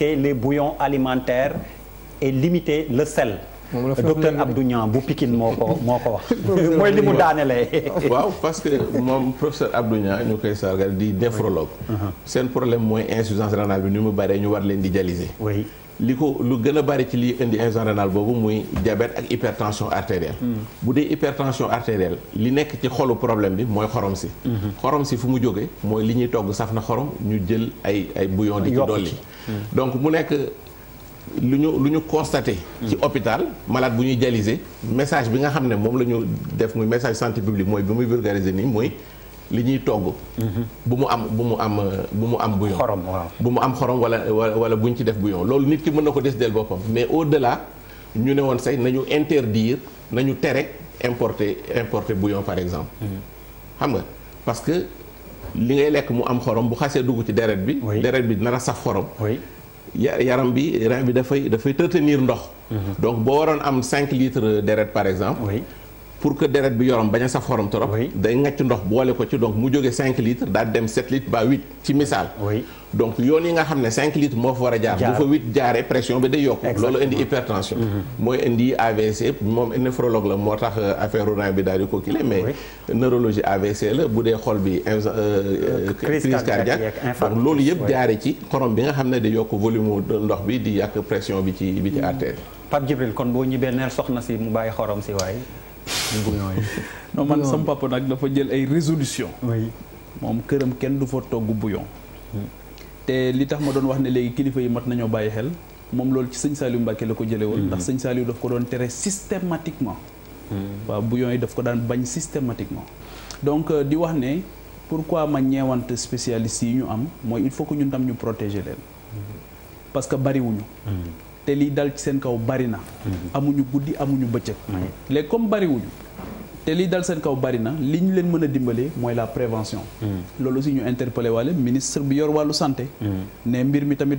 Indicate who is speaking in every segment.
Speaker 1: éradiquer les bouillons alimentaires et limiter la sel. docteur Abdou Niang bu Pikine moo ko moo ko wax. mooy li mu
Speaker 2: daanelee. waaw parce que moom professeur Abdou Niang ñu koy sargal di néphrologue. Uh-huh. seen problème mooy insuffisance rénale bi ni mu bëree ñu war leen di dialyser. li ko lu gën a bari ci liy indi insuffisance boobu muy diabète ak hypertension artérielle. Hmm. bu dee hypertension artérielle li nekk ci xolu problème bi mooy xorom si. Hmm. xorom si fu mu jógee mooy li ñuy togg saf na xorom ñu jël ay ay bouillon di ci dolli. Hmm. donc mu nekk lu ñu lu ñu constaté. ci hôpital malaat bu ñuy dialysé. message bi nga xam ne moom la ñu def muy message santé publique mooy bi muy vulgariser nii mooy. li ñuy togg. bu mu am bu mu am bu mu am bouillon. xorom waaw bu mu am xorom wala wala bu ñu ci def bouillon loolu nit ki mën na ko des décider boppam mais au delà ñu ne woon say nañu interdire nañu tere importer importer bouillon par exemple. xam nga parce que li ngay lekk mu am xorom bu xasee dugg ci deret bi. deret bi nar a saf xorom. yaram bi rein bi dafay dafay retenir ndox. Mhm. donc boo waroon am cinq litre deret par exemple. pour que deret bi yorom bañ a saf xorom trop. day ngacc ndox boole ko ci donc mu jóge 5 litres daal dem 7 litres ba 8 ci misaal. donc yoon yi nga xam ne cinq litres moo fa war a jaar. bu fa 8 jaaree pression bi day yokk. loolu indi hypertension. Mhm. mooy indi AVC moom néphrologue la moo tax euh, affaire roulage bi daal di ko kile mais neurologie AVC la bu dee xol bi. Euh, euh, crise cardiaque donc loolu yëpp jaaree ci xorom bi nga xam ne di yokk volume ndox bi di yàq pression bi ci bi ci mhm.
Speaker 1: artère. kon boo ñibbee neel soxna si mu bàyyi xorom
Speaker 3: si waaye. non man sama papa nag dafa jël ay résolution moom këram kenn du fa togg bouillon hmm. te li tax ma doon wax ne léegi kilifa yi mat nañoo bàyyi xel moom loolu ci sëñ Saliou Mbacke la ko jële woon hmm. ndax sëñ Saliou daf ko doon tere systématiquement hmm. waaw bouillon yi daf ko daan bañ systématiquement donc euh, di wax ne pour pourquoi ma ñeewante spécialistes yi ñu am mooy il faut que ñun tam ñu protéger leen parce que bariwuñu te lii dal ci seen kaw bari na. Mhm. amuñu guddi amuñu bëccëg. léegi comme bariwuñu te lii dal seen kaw bari na li ñu leen mën a dimbalee mooy la prévention. Mhm. loolu aussi ñu interpellé waale ministre bi yor wàllu santé. Mhm. ne mbir mi tamit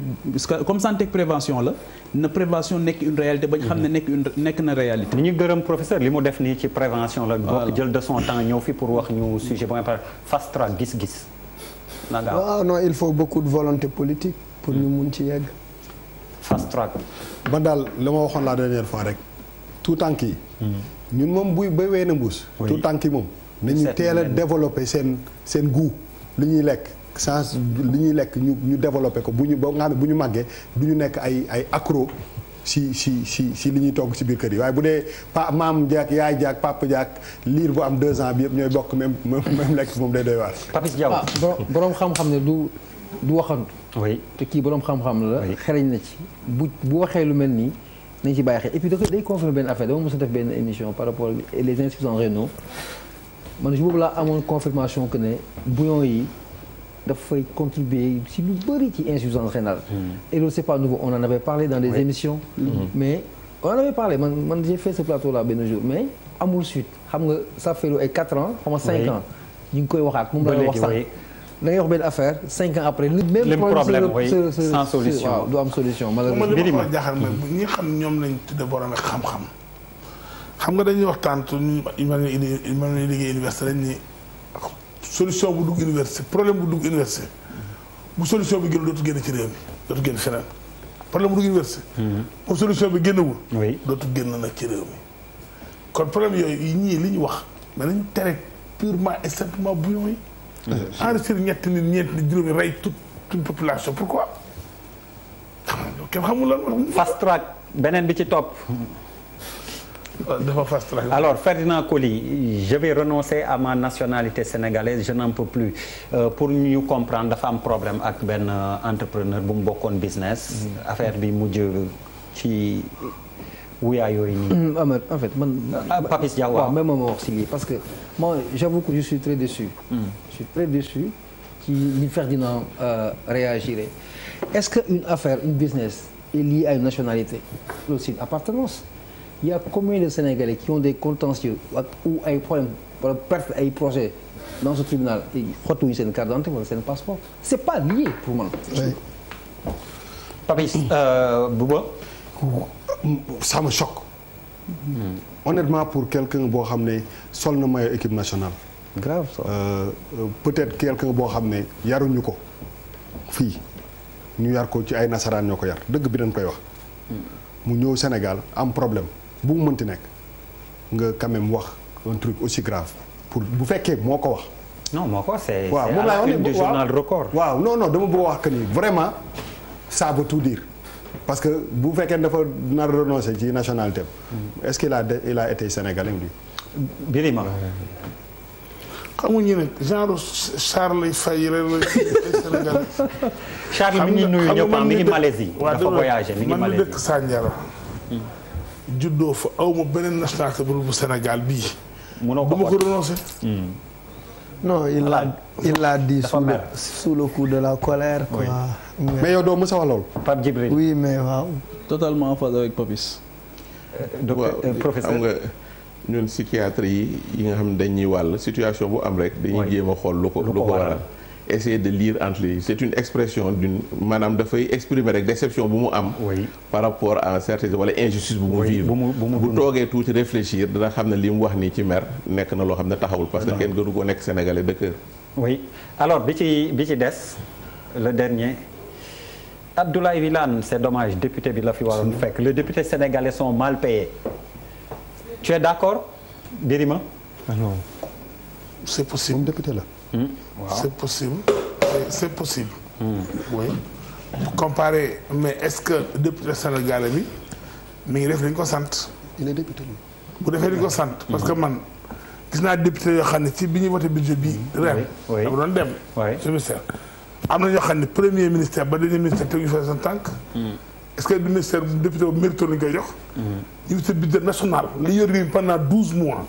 Speaker 3: comme santé prévention la na prévention nekk une réalité ba ñu xam ne nekk une nekk na réalité. ni ñu gërëm professeur li mu def nii ci prévention la. bokk jël de son temps ñëw fi pour wax ñu sujet ba nga pare fast track
Speaker 1: gis-gis. waaw
Speaker 4: non fast track. man daal la ma waxoon la dernière fois rek tout tànk yi. ñun moom buy ba wey na mbuus. tout tànk yi moom. nañu teel a développé seen seen goût li ñuy lekk. sans li ñuy lekk ñu ñu développé ko bu ñu boo nga xam ne bu ñu màggee du ñu nekk ay ay accro si si si si li ñuy togg si biir kër yi waaye bu dee pa maam jaak yaay jaak papa jaak liir bu am deux ans bi yëpp ñooy bokk même même lekk moom day doy waar.
Speaker 5: Papis Diaw ah, xam-xam ne du du waxantu. oui te kii boroom xam-xam la. xereñ na ci bu bu waxee lu mel nii nañ ci bàyyi xel et puis dafa day confirmer benn affaire def benn émission par rapport ak les insuffisants rénaux man ju boobu laa amoon confirmation que ne bouillon yi dafay contribuer si lu bëri ci insuffisance rénale. Hmm. et loolu c'est pas nouveau on an avait parlé dans des oui. émissions. Hmm. mais on en avait parlé man man j'ai fait ce plateau là benn jour mais amul suite xam nga ça fait lu ay 4 ans. xam ñu ngi koy waxaat moom la wax sax da ngay wax benn affaire cinq ans après. li même problème sans solution waaw du am solution. malheureusement li ma jaaxal mooy bu ñi xam ñoom lañ tudde borom xam-xam.
Speaker 6: xam nga dañuy man ñu liggéey université dañ ni solution bu dugg université problème bu dugg université. bu solution bi génn dootu génn ci réew mi dootu génn feneen problème bu dugg université. Mhm. bu solution bi génnewul. oui dootu génn nag ci réew mi. kon problème yooyu ñii li ñu wax mais nañu tere purement et simplement bu ñooy. Ah, enrichir ñett nit ñeent nit juróomi rey tout toute population pourquoi fast track beneen bi ci topp euh, dafa fast track alors
Speaker 1: Ferdinand Coly je vais renoncer à ma nationalité sénégalaise je n'en peux plus euh, pour ñu comprendre dafa am problème ak benn euh, entrepreneur bu mu bokkoon business mm. affaire bi mujj ci
Speaker 5: wuyaa yooyu nii. Mm, Amar ah, en fait man. Ah, Papis ah, Diaw waaw même ma wax si lii parce que moi j'avoue que je suis très déçu. Mm. je suis très déçu ci ni Ferdinand euh, réagirait est-ce que une affaire une business est liée à une nationalité loolu c'est une appartenance il y a combien de Sénégalais qui ont des contentieux ak ou ay problèmes wala perte ay projets dans ce tribunal xottuñu seen carte d'identité wala seen passeport c'est pas lié pour man.
Speaker 1: Papis euh, Bouba. ça me choque. honnêtement
Speaker 4: pour quelqu'un boo xam ne sol na maillot équipe nationale. grave ça euh, euh, peut-être quelqu'un boo xam ne yaruñu ko fii ñu yar ko ci ay nasaraan ñoo ko yar dëgg bi dañ koy wax. mu ñëw Sénégal am problème bu mu mënti nekk nga quand même wax un truc aussi grave pour bu fekkee moo ko wax. non moo ko c'est. waaw moom laa wax ne waaw journal dama bëgg wax que ni vraiment ça veut tout parce que bu fekkee dafa nar renoncer ci nationalité est ce qu'il a il a été sénégalais lui. Birima.
Speaker 6: xamuñu nag genre Charles Faye la Sénégal. Charles mi ngi nuyu ñëpp mi ngi Malaisie. dafa voyagé mi ngi Malaisie man dëkk Sandiara. Hmm. juddoo fa aw ma beneen nationalité bu Sénégal bii. munoo ko du ma ko renoncé. Hmm. non il l'a
Speaker 4: il
Speaker 3: l'a dit sous le
Speaker 6: sous le coup de la colère quoi. mais
Speaker 3: yow doo mës a wax mais waaw. totalement en phase avec Papis. Euh, euh, professeur nga
Speaker 2: ñun psychiatre yi yi nga xam ne dañuy wàll situation bu am rek. dañuy jéem a xool lu ko lu ko waral. essayer de lire entre les lignes c'est une expression d'une maanaam dafay exprimer rek déception bu mu am par rapport à certaines wala injustice bu mu vivre bu toogee tuuti réfléchir dana xam ne li mu wax nii ci mer nekk na loo xam ne taxawul parce que kenn gënu koo nekk sénégalais de cœur
Speaker 1: oui alors bi ci bi ci des le dernier Abdoulaye Wilane c'est dommage député bi la fi waroon fekk le députés sénégalais sont mal payés tu es d'accord Birima
Speaker 4: ah la
Speaker 6: c'est possible c'est possible. oui comparé mais est-ce que député Sénégalais bi mi ngi def dañ ko sant. il est député bu defee dañ ko sant. parce que man gis naa député yoo xam ne ci bi ñuy voté budget bi ren. oui dafa doon dem. oui ci am na ñoo xam ne premier ministère ba dañuy ministère tegu fa seen tànk. Mm. est-ce que du ministère député boobu nga lañ jox. Mm. ñu ngi budget national li yor réew pendant douze mois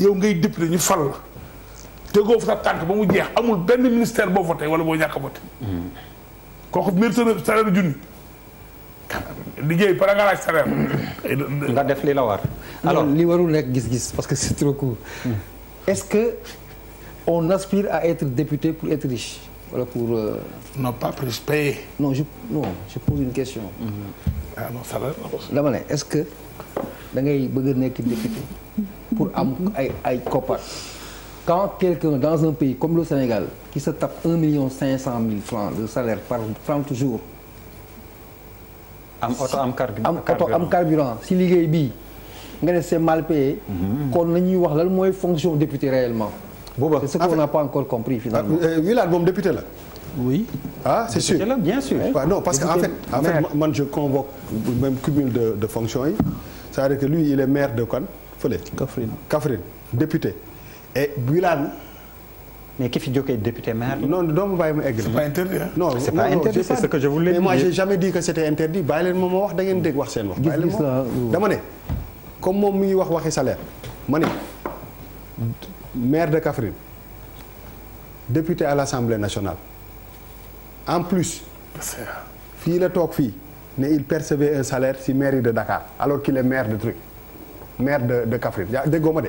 Speaker 6: yow ngay député ñu fal tegoo fa sa tànk ba mu jeex amul benn ministère boo voté wala boo ñàkk a kooku mérite na salaire junni. liggéey par nga laaj salaire. nga def li la war. alors
Speaker 5: warul nekk gis-gis parce que c'est trop court. Hmm. est-ce que on aspire à être député pour être riche wala pour. Euh, non pas pour non je pose une question. Hmm. ah non salaire dama ne est-ce que da ngay bëgg a nekk député pour am ay ay quand quelqu'un dans un pays comme le Sénégal qui se tape un million cinq cent mille francs de salaire par trente jours.
Speaker 1: am oto am carburant am oto am
Speaker 5: carburant si liggéey bi nga ne c'est mal payé. la mhm. nañuy wax lan mooy fonction député réellement. booba c'est ce qu'on n'a pas encore compris finalement. Ah, euh, Wilane moom député la. oui. ah c'est sûr bien sûr. non parce que en fait en
Speaker 4: man je convoque même cumul de de fonctions yi c'est-à-dire que lui il est maire de Kane fële. Kaffrine et eh, Bourane mais ki fi jógee député ma bàyyi ma egg. c'est pas interdit non c'est pas interdit c'est ce que je voulais dire mais moi j'ai ma wax da dégg wax seen wax. dama ne comme moom mi ngi wax waxi salaire ma ne maire de Kaffrine député à l'Assemblée nationale en plus. fii la toog fii ne il percevait un salaire si mairie de Dakar alors qu'il est maire de truc maire de de Kaffrine déggoo ma de.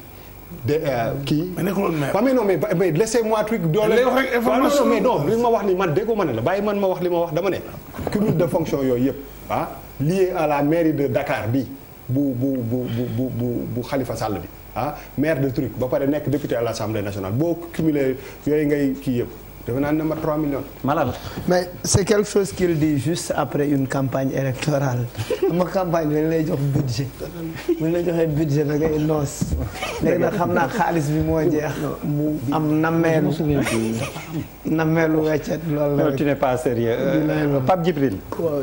Speaker 4: de euh, kii. ma nekkul woon maire waaw mais non mais mais laissez-moi truc doole. rek information mais li ma wax ni man déggoo ma ne la bàyyi man ma wax li ma wax dama ne. cumul de fonction yooyu yëpp ah lié la mairie de Dakar bi bu bu bu bu bu bu Khalifa Sall bi ah maire de truc ba pare nekk député à l'Assemblée nationale boo cumulé yooyu ngay kii yëpp. defe naa ne ma 3 millions.
Speaker 6: malal mais c' est quelque chose qu'il dit juste après une campagne électorale ama campagne dañ lay jox budget bu ñu la joxee budget da ngay noos léegi nag xam naa xaalis bi moo jeex mu am nammeelu nammeelu weccet loolu la. non tu n'es
Speaker 3: pas sérieux euh, Pape Djibril.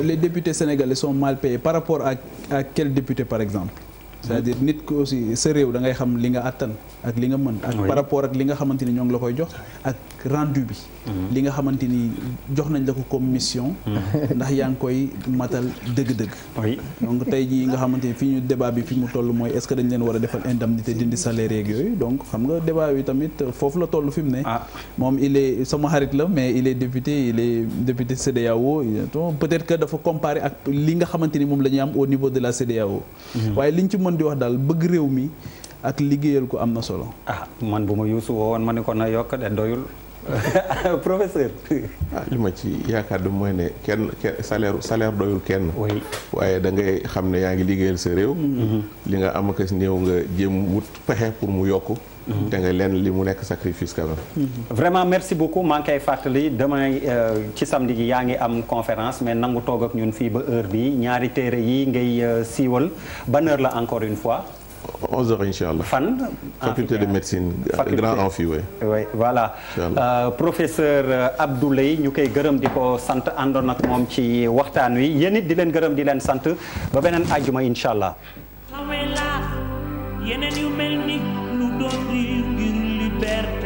Speaker 3: les députés sénégalais sont mal payés par rapport à à quel député par exemple. c'est-à-dire hmm. nit ku aussi sa réew da xam li nga àttan ak li nga mën par rapport ak li nga xamante ni ñoo la koy jox ak rendu bi hmm. li nga xamante ni jox nañ la ko comme mission hmm. ndax yaa ngi koy matal dëgg-dëgg donc tey jii nga xamante ni fi ñu débat bi fi mu toll mooy est-ce que dañ leen war a defal indemnité dindi salaire yeeg yooyu donc xam nga débat yi tamit foofu la toll fi mu ne ah. moom il sama xarit la mais il est député il est député CEDEAO peut-être que dafa comparer ak li nga xamante ni moom la ñuy am au niveau de la CEDEAO mën di wax daal bëgg réew mi ak liggéeyal ko am na solo. ah man bu ma yuusu woon ma ne ko na yokk de doyul. professeur. ah li ma ci yaakaar du
Speaker 2: mooy ne kenn kenn salaire salaire doyul kenn. waaye da ngay xam ne yaa ngi liggéeyal sa réew. Mm-hmm. li nga am ak néew nga jéem wut pexe pour mu yokk. Mm-hmm. te nga leen li mu nekk sacrifice quand même. Mm-hmm.
Speaker 1: vraiment merci beaucoup maa ngi koy fàttali demain euh, ci samedi ji yaa ngi am conférence mais nangu toog ak ñun fii ba heure bi ñaari téere yi ngay euh, siiwal ban
Speaker 2: la encore une fois. 11 heures fan. faculté de médecine euh, grand amphi oui. oui voilà euh,
Speaker 1: professeur euh, Abdoulaye ñu koy gërëm di ko sant àndoon ak moom ci waxtaan wi yéen it di leen gërëm di leen sant ba beneen àjjuma incha allah.
Speaker 6: yeneen yu mel ni lu doon ngir liberté.